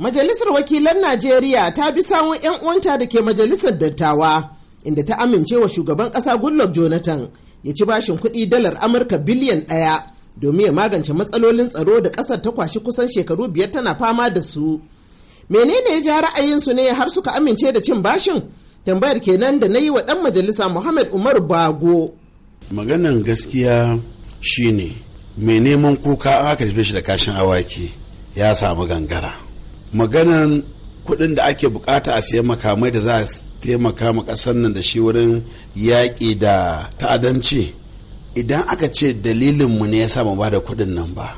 Majalisar Wakilan Najeriya ta bi sawun 'yan uwanta da ke majalisar dattawa inda ta amince wa shugaban ƙasa Goodluck Jonathan ya ci bashin kuɗi dalar Amurka biliyan ɗaya domin ya magance matsalolin tsaro da ƙasar ta kwashi kusan shekaru biyar tana fama da su. Menene ya ja ra'ayinsu ne har suka amince da cin bashin? Tambayar kenan da na yi wa ɗan majalisa Muhammad Umar Bago. Maganan gaskiya shine mai neman kuka aka shi da kashin awaki ya samu gangara. maganan kuɗin da ake bukata a siyan makamai da za a taimaka ma kasar nan da shi wurin yaƙi da ta'adanci idan aka ce dalilinmu ne ya sa mu ba da kuɗin nan ba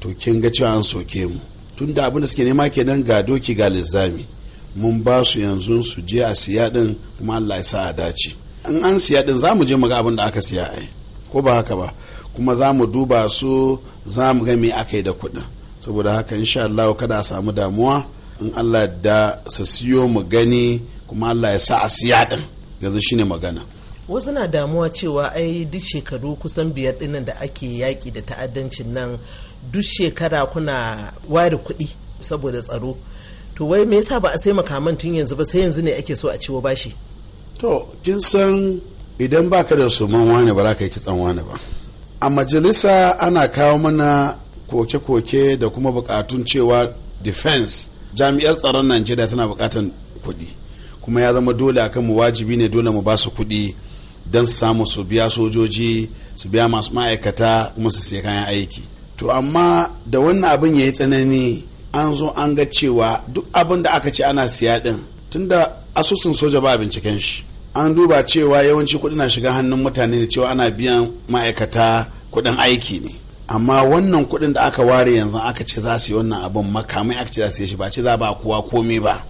to kin ga cewa an soke mu tun da abin da suke nema kenan ga doki ga lizzami mun ba su yanzu su je a siya din kuma Allah ya sa a dace in an siya din za mu je mu ga abin da aka siya ai ko ba haka ba kuma za mu duba su za mu ga me aka yi da kuɗin saboda haka insha Allah kada a samu damuwa in Allah da su siyo mu gani kuma Allah ya sa a siya din yanzu shine magana wasu na damuwa cewa ai duk shekaru kusan biyar dinnan da ake yaƙi da ta'addancin nan duk shekara kuna wari kuɗi saboda tsaro to wai me yasa ba a sai makaman tun yanzu ba sai yanzu ne ake so a ciwo bashi to kin san idan baka da man wani ba za ka yi kitsan wani ba a majalisa ana kawo mana koke-koke da kuma bukatun cewa defense jami'ar tsaron najeriya tana bukatan kuɗi kuma ya zama dole akan mu wajibi ne dole mu ba su kuɗi don su samu su biya sojoji su biya masu ma'aikata kuma su siya kayan aiki to amma da wannan abin ya yi tsanani an zo an ga cewa duk abin da aka ce ana siya din tunda asusun soja ba binciken shi an duba cewa yawanci kuɗi na shiga hannun mutane da cewa ana biyan ma'aikata kuɗin aiki ne amma wannan kuɗin da aka ware yanzu aka ce za su yi wannan abin makamai aka ce za su yi shi ba ce za ba kowa komai ba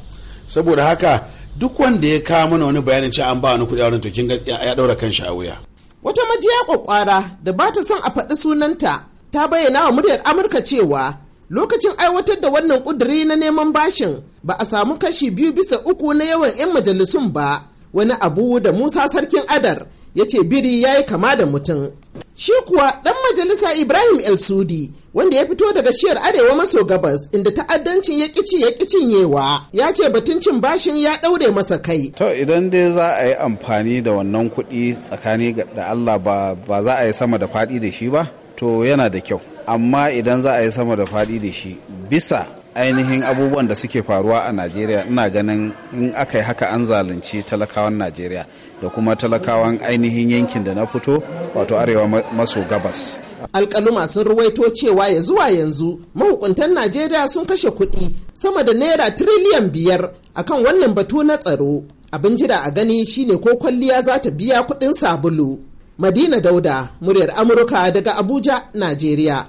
saboda haka duk wanda ya kawo mana wani bayanin cewa an ba wani kuɗi a wurin to ya ɗaura kan shi a wuya. wata majiya kwakwara da ba ta son a faɗi sunanta ta bayyana wa muryar amurka cewa lokacin aiwatar da wannan ƙuduri na neman bashin ba a samu kashi biyu bisa uku na yawan 'yan majalisun ba wani abu da musa sarkin adar ya ce biri ya yi kama da mutum Shi kuwa ɗan majalisa Ibrahim El Sudi wanda ya fito daga shiyar arewa maso gabas inda ta'addancin ya kici ya cinyewa ya ce batun cin bashin ya ɗaure masa kai. To idan dai za a yi amfani da wannan kuɗi tsakani da Allah ba za a yi sama da faɗi da shi ba to yana da kyau. Amma idan za a yi sama da faɗi da shi bisa ainihin abubuwan da suke faruwa a najeriya ina ganin in aka yi haka an zalunci talakawan najeriya da kuma talakawan ainihin yankin da na fito wato arewa maso gabas alkaluma sun ruwaito cewa ya zuwa yanzu mahukuntan najeriya sun kashe kuɗi sama da naira tiriliyan biyar akan wannan batu na tsaro abin jira a gani shine ko kwalliya za ta biya kuɗin sabulu madina dauda muryar amurka daga abuja najeriya